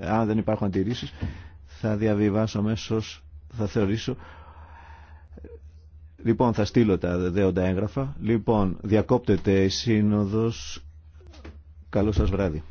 αν δεν υπάρχουν αντιρρήσεις, θα διαβιβάσω αμέσω, θα θεωρήσω. Λοιπόν, θα στείλω τα δέοντα έγγραφα. Λοιπόν, διακόπτεται η σύνοδος. Καλό σας βράδυ.